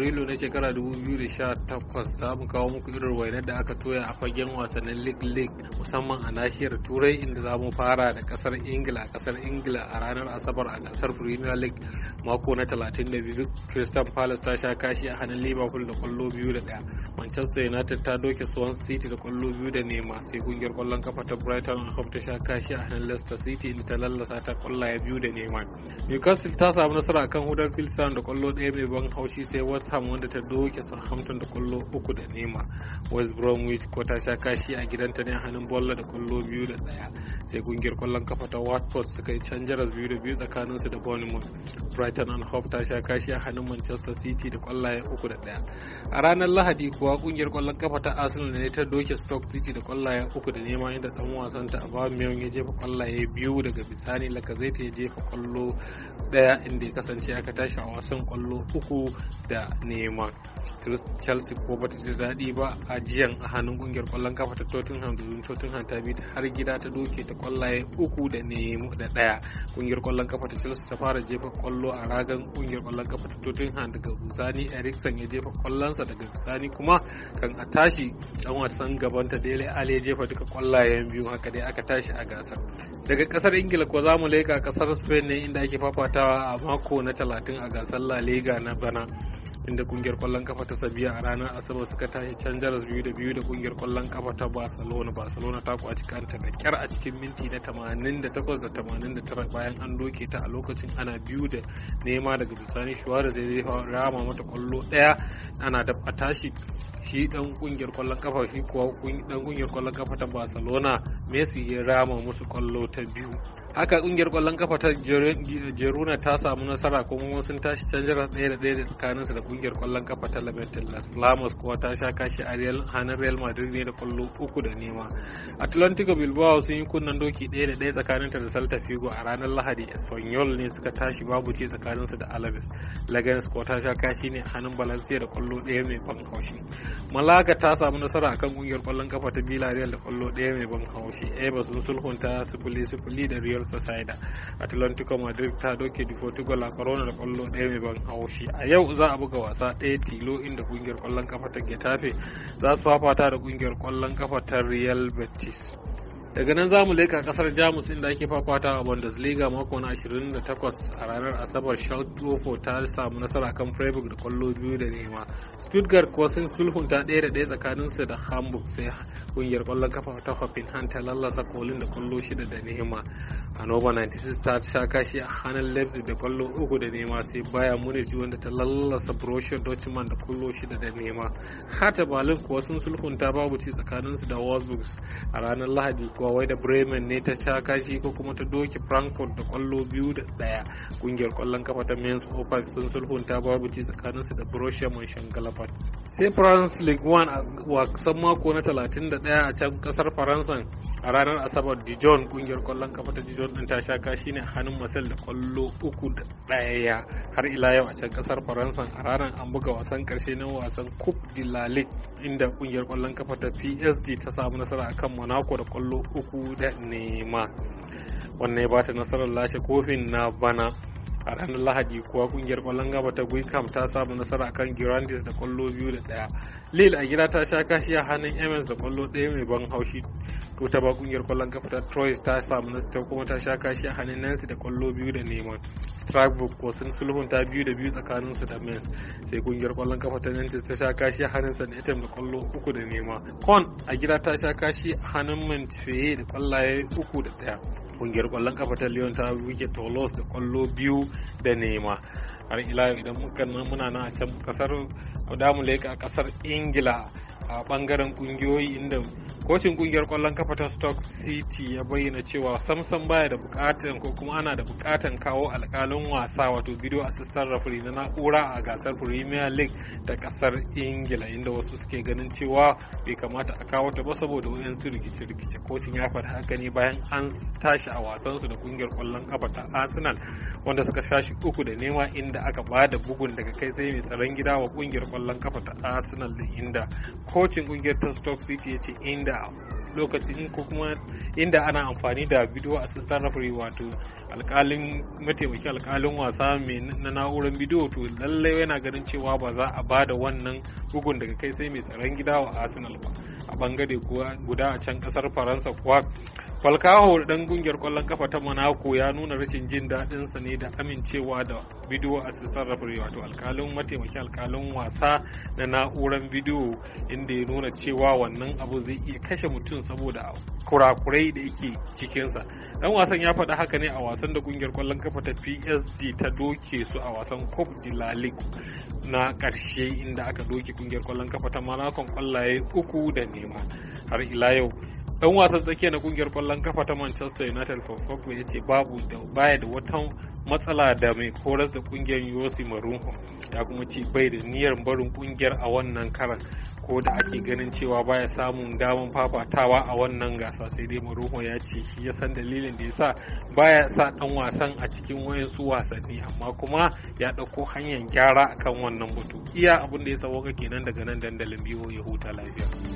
afrilu na shekara 2018 ta mu kawo muku irin wainar da aka toya a fagen wasannin league league musamman a nahiyar turai inda za mu fara da kasar ingila kasar ingila a ranar asabar a kasar premier league mako na 32 crystal palace ta sha kashi a hannun liverpool da kwallo biyu da daya manchester united ta doke swan city da kwallo biyu da nema sai kungiyar kwallon kafa ta brighton and hove ta sha kashi a hannun leicester city inda ta lallasa ta kwallaye biyu da nema newcastle ta samu nasara kan huddersfield town da kwallo daya mai ban haushi sai west samu wanda ta doke Southampton da kwallo uku da nema West Bromwich ko ta sha kashi a gidanta ne a hannun bola da kwallo biyu da daya sai kungiyar kwallon kafa ta Watford suka yi canjaras biyu da biyu tsakaninsu da Bournemouth brighton and hove ta sha kashi a hannun manchester city da kwallaye uku da daya a ranar lahadi kuwa kungiyar kwallon kafa ta arsenal ne ta doke stoke city da kwallaye uku da nema inda dan wasan ta aubameyang ya jefa kwallaye biyu daga bisani lacazette ya jefa kwallo daya inda ya kasance aka tashi a wasan kwallo uku da nema chelsea ko bata ji dadi ba a jiyan a hannun kungiyar kwallon kafa ta tottenham domin tottenham ta bi har gida ta doke ta kwallaye uku da nema da daya kungiyar kwallon kafa ta chelsea ta fara jefa kwallo kwallo a ragan kungiyar kwallon kafa ta Tottenham daga Busani Erikson ya jefa kwallonsa daga Busani kuma kan a tashi dan wasan gaban ta Dele Ali ya jefa duka kwallayen biyu haka dai aka tashi a gasar. Daga kasar Ingila ko zamu leka kasar Spain ne inda ake fafatawa a mako na 30 a gasar La Liga na bana. inda kungiyar kwallon kafa ta sabiya a ranar asabar suka tashi can jaras biyu da biyu da kungiyar kwallon kafa ta barcelona barcelona ta kwaci kanta da kyar a cikin minti na 88 da 89 bayan an doke ta a lokacin ana biyu da nema daga bisani zai zai rama mata kwallo daya ana da tashi shi dan kungiyar kwallon kafa shi kuwa dan kungiyar kwallon kafa ta Barcelona Messi ya rama musu kwallo ta biyu haka kungiyar kwallon kafa ta Jeruna ta samu nasara kuma sun tashi canjar ɗaya da ɗaya tsakanin su da kungiyar kwallon kafa ta Levante Las Palmas kuwa ta sha kashi a Real Hanan Real Madrid ne da kwallo uku da nema Atlantico Bilbao sun yi kunnen doki ɗaya da ɗaya tsakaninta da Celta Figo a ranar Lahadi Espanyol ne suka tashi babu ce su da Alaves Leganes kuwa ta sha kashi ne hannun Valencia da kwallo ɗaya mai ban Malaga ta samu nasara a kan kungiyar kwallon kafa ta Villarreal da kwallo daya mai ban haushi. Eva sun sulhunta sifili sifili da Real Sociedad. Atlantico Madrid ta doke di Portugal a Corona da kwallo daya mai ban haushi. A yau za a buga wasa ɗaya tilo inda kungiyar kwallon kafa ta Getafe za su fafata da kungiyar kwallon kafa ta Real Betis. daga nan zamu leka kasar jamus inda ake fafata a bundesliga mako na 28 a ranar asabar schalke ta samu nasara kan freiburg da kwallo biyu da nema stuttgart kuwa sun sulhunta ɗaya da ɗaya tsakaninsu da hamburg sai kungiyar kwallon kafa ta hoffin Hoffenheim ta lallasa kolin da kwallo shida da nema a nova 96 ta sha kashi a hannun leipzig da kwallo uku da nema sai baya munich wanda ta lallasa borussia dortmund da kwallo shida da nema hata balin kuwa sun sulhunta babu ci tsakanin su da wolfsburg a ranar lahadi kuwa wai da bremen ne ta sha kashi ko kuma ta doki frankfurt da kwallo biyu da daya kungiyar kwallon kafa ta mainz 05 sun sulhunta babu ci tsakanin su da borussia mönchengladbach sai france league one wasan mako na 31 a can kasar faransa a ranar asabar dijon kungiyar kwallon kafa ta dijon din ta sha kashi ne a hannun masel da kwallo uku da daya har ila yau a can kasar faransa a ranar an buga wasan karshe na wasan coupe de la ligue inda kungiyar kwallon kafa ta psd ta samu nasara akan monaco da kwallo uku da nema wannan ya ba ta nasarar lashe kofin na bana a ranar lahadi kuwa kungiyar kwallon gaba ta guicam ta samu nasara akan girandis da kwallo biyu da daya lil a gida ta sha kashi a hannun emens da kwallo daya mai ban haushi ta ba kungiyar kwallon gaba ta Troyes ta samu nasara kuma ta sha kashi a hannun Nancy da kwallo biyu da neman. Strasbourg ko sun sulhun ta biyu da biyu tsakanin su da Mens sai kungiyar kwallon gaba ta Nantes ta sha kashi a hannun San Etem da kwallo uku da nema. Con a gida ta sha kashi a hannun Montpellier da kwallaye uku da daya. kungiyar kwallon kafa ta lyon ta wuce tolos da kwallo biyu da nema har ila idan muka nan muna nan a can kasar damu a kasar ingila a bangaren kungiyoyi inda kocin kungiyar kwallon kafa ta stock city ya bayyana cewa samson baya da bukatan ko kuma ana da bukatan kawo alkalin wasa wato video assistant referee na na'ura a gasar premier league da kasar ingila inda wasu suke ganin cewa bai kamata a kawo ta ba saboda su rikice-rikice kocin ya faɗi haka ne bayan an tashi a wasan su da kungiyar kwallon kafa ta arsenal wanda suka shashi uku da nema inda aka bada bugun daga kai sai mai tsaron gida wa kungiyar kwallon kafa ta arsenal da inda ko kocin kungiyar ta stock city ya ce inda lokacin ko kuma inda ana amfani da video assistant referee wato alkalin mataimaki alkalin wasa mai na na'urar bidiyo to lallai yana ganin cewa ba za a bada wannan bugun daga kai sai mai tsaron gida wa arsenal ba a bangare guda a can kasar faransa kuwa falcao dan gungiyar kwallon kafa ta monaco ya nuna rashin jin daɗin sa ne da amincewa da bidiyo a cikin referee wato alkalin mataimakin alkalin wasa da na'uran bidiyo inda ya nuna cewa wannan abu zai iya kashe mutum saboda kurakurai da yake cikinsa dan wasan ya faɗa haka ne a wasan da gungiyar kwallon kafa ta psg ta doke su a wasan coupe de la na ƙarshe inda aka doke gungiyar kwallon kafa ta monaco kwallaye uku da nema har ila yau dan wasan tsakiya na kungiyar kwallon kafa ta Manchester United for Pogba ya ce babu da baya da wata matsala da mai horas da kungiyar Yossi Marunho ya kuma ce bai da niyyar barin kungiyar a wannan karan ko da ake ganin cewa baya samun damar fafatawa a wannan gasa sai dai Maruho ya ce shi ya san dalilin da yasa baya sa dan wasan a cikin wayansu wasanni amma kuma ya dauko hanyar gyara akan wannan batu iya abin da ya sauka kenan daga nan dandalin biyo ya huta lafiya